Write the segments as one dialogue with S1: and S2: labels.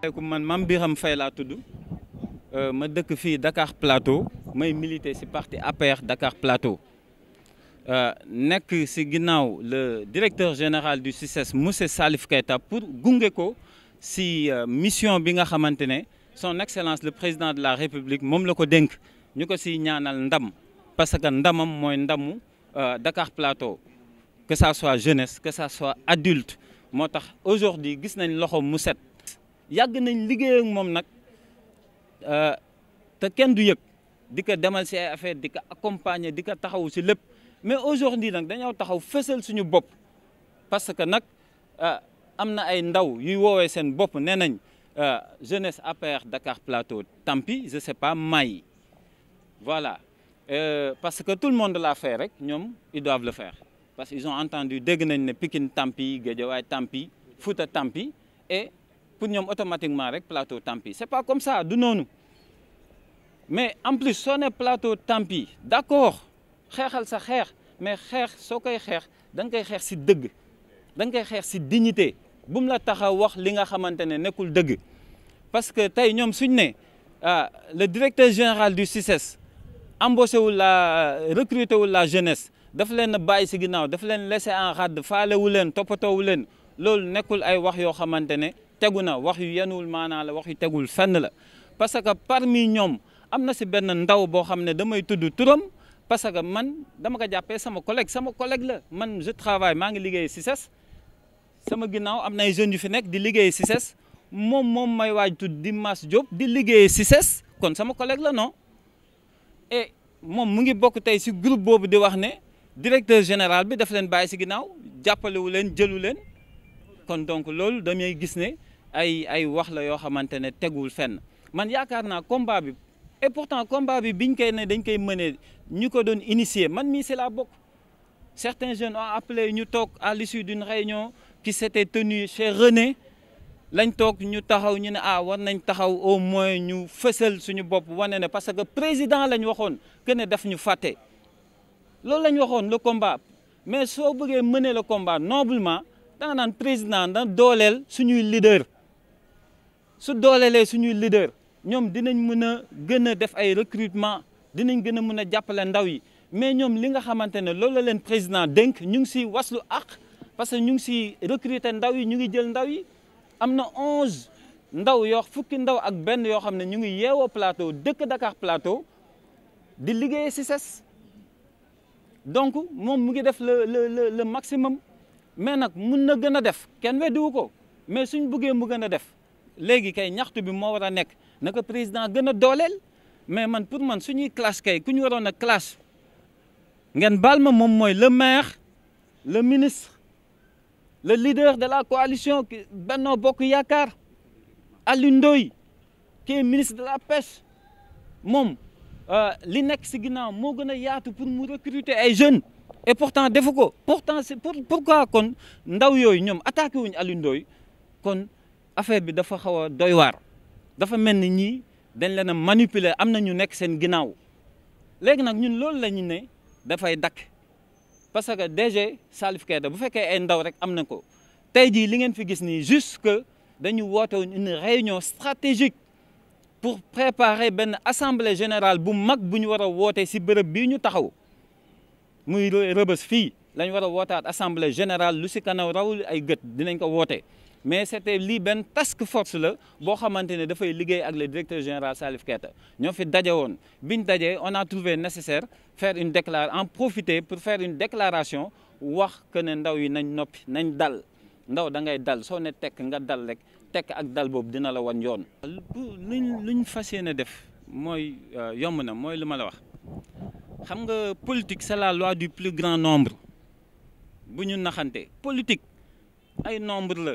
S1: asalaamaaleykum man Mame Birame Faye laa tudd euh, ma dëkk Dakar Plateau may militer ci parti APR Dakar Plateau euh, nekk ci le directeur général du CICES monsieur Salif Keita pour gunge ko ci euh, mission bi nga xamante son excellence le président de la république mom la Denk, nous ñu ñaanal ndam parce que ndamam mooy ndamu Dakar Plateau que ça soit jeunesse que ça soit adulte aujourd'hui gis nañ loxo yàgg nañ liggéey ak moom nag euh, te kenn du yëg di ko demal si ay affaire di ko accompagner di ko taxaw si lépp mais aujourd'hui nag dañoo taxaw fësal suñu bopp parce que nag euh, am na ay ndaw yuy woowee seen bopp nee nañ euh, jeunesse APR Dakar Plateau tant pis je sais pas may voilà euh, parce que tout le monde l'a fait rek ñoom ils doivent le faire parce qu'ils ont entendu dégg nañ ne Pikine tant pis Guédiawaye tant pis Fouta tant pis et pour ñoom automatiquement rek plateau tant pis c'est pas comme ça du non. mais en plus soo est plateau tant pis d'accord xeexal sa xeex mais cher, soo koy cher. Donc cher koy deg, ci cher da ci dignité Boum la tax a wax li nga xamante ne parce que tey ñoom suñ ne ah le directeur général du CICES e embauché ou la recruté ou la jeunesse daf leen bàyyi ci ginnaaw daf leen laissé en rade faale wu leen toppatoo wu leen loolu nekul ay wax yo xamante tegu na wax yu yenuwul maanaa la wax yu tegul fenn la parce que parmi ñoom am na si benn ndaw boo xam ne damay tudd turam parce que man dama ko jàppee sama collègue sama collègue la man je travaille maa ngi liggéey si ses sama ginnaaw am na ay jeunes yu fi nekk di liggéey si ses moom moom may waaj tudd Dimas Diop di liggéey si ses kon sama collègue la non moom mu ngi bokk tey si groupe boobu di wax ne directeur général bi daf leen bàyyi si ginnaaw jàppalewu leen jëlu leen kon donc loolu damay gis ne ay ay wax la yo xamantene teggul fenn man yaakaar naa combat bi et pourtant combat bi biñ koy ne dañ koy mëne ñuko ko initier man mi c'est la bok certains jeunes ont appelé ñu tok à l'issue d'une réunion qui s'était tenue chez René lañ tok ñu taxaw ñu ne ah war nañ taxaw au moins ñu fësal suñu bop wane ne parce que président lañ waxone que ne daf ñu faté loolu lañ waxone le combat mais so bëggee mener le combat noblement da nga président da dolel suñu leader su doolelee suñu leader ñoom dinañ mën a gën a def ay recrutement dinañ gën a mën a jàppale ndaw yi mais ñoom li nga xamante ne loolu la leen président dénk ñu ngi si waslu ak parce que ñu ngi si recruter ndaw yi ñu ngi jël ndaw yi am na onze ndaw yoo fukki ndaw ak benn yoo xam ne ñu ngi yeewoo plateau dëkk Dakar plateau di liggéey si ses donc moom mu ngi def le le le maximum mais nag mun na gën a def kenn weddiwu ko mais suñ bëggee mu gën a def léegi kay ñaxtu bi mo wara nek naka président gëna dolel, mais man pour man suñuy classe kay ku ñu waroon classe ngeen baal ma le maire le ministre le leader de la coalition Benno Bokk yakar Alioune qui est ministre de la pêche euh li nek ci ginnaaw mo gëna yaatu pour mu recruter ay jeunes et pourtant defuko pourtant c'est pour pourquoi kon ndaw yoy ñom attaqué wuñ Alioune kon affaire bi dafa xaw a doy waar dafa melni ni dañ leena manipuler amna ñu nek seen ginaaw léegi nak ñun loolu lañu ne da fay dak parce que DG Salif Keita bu fekke ay ndaw rek amna ko tay ji li ngeen fi gis ni jusque dañu woté une réunion stratégique pour préparer ben assemblée générale bu mag bu ñu war a woote si bërëb ñu taxaw muy rebeus fi lañu wara wotat assemblée générale lu ci kanaw rawul ay gëtt dinañ ko woté mais c'était une task force qui bo xamantene le directeur général Salif Keita Nous fi fait biñ on a trouvé nécessaire faire une déclaration profiter pour faire une déclaration wax que ne ndaw yi nañ une nañ dal ndaw da ngay dal ne nga dal rek ak dal bob dina la yoon. Euh, la politique c'est la loi du plus grand nombre nous sommes politique ay nombre la.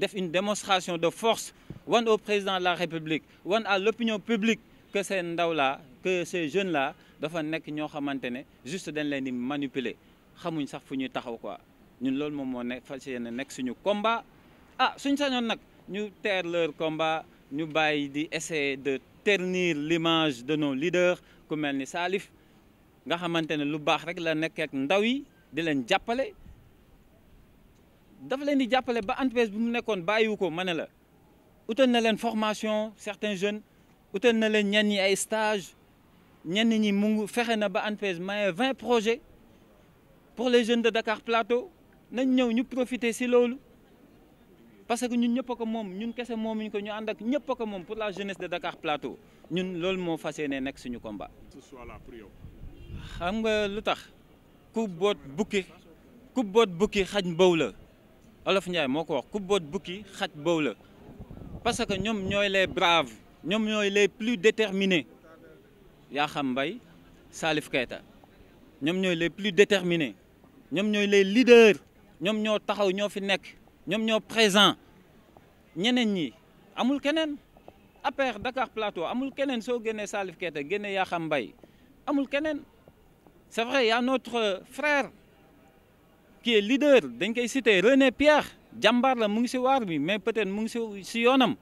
S1: def une démonstration de force wan au président de la république wan à l'opinion publique que ces n'dawla, que ces jeunes là dafa nek ñoo xamante juste dañ leen di manipuler xamuñ sax fu ñuy taxaw quoi ñun lool mom mo nek fas nek suñu combat ah suñ sañon nak ñu ter leur combat ñu bàyyi di essayer de ternir l'image de nos leaders ku melni Salif nga xamante lu baax rek la nek ak ndaw yi di leen jappalé dafa leen di jàppale ba entreprise bi mu nekkoon bàyyiwu ko ma ne la utal na leen formation certains jeunes utal na leen ñenn ñi ay stage ñenn ñi mu ngi fexe na ba entreprise maye vingt projets pour les jeunes de Dakar Plateau nañ ñëw ñu profiter si loolu parce que ñun ñëpp ko moom ñun kese moomuñ ko ñu ànd ak ñëpp ko moom pour la jeunesse de Dakar Plateau ñun loolu moo fas yéene nekk suñu combat. xam nga lu tax ku boot bukki ku boot bukki xaj mbaw la olof Ndiaye moko wax ku boot buki xaj parce que ñom ñoy les braves ñom ñoy les plus déterminés ya Mbaye Salif Keita ñom ñoy les plus déterminés ñom ñoy les leaders ñom ño taxaw ño fi nek ñom ño présent ñeneen ñi amul kenen Dakar Plateau amul kenen so génnee Salif Keita génne Yakham Mbaye amul kenen c'est vrai y a notre frère qui est dañ koy cité René Pierre jàmbaar la mu ngi si waar bi mais peut-être mu ngi si si yoonam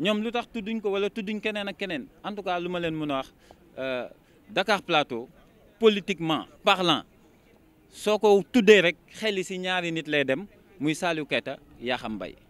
S1: ñoom lu tax tudduñ ko wala tudduñ keneen ak keneen en tout cas lu ma leen mën a wax euh, Dakar Plateau politiquement parlant soo ko tuddee rek xel yi si ñaari nit lay dem muy Saliou Keita Yakham Mbaye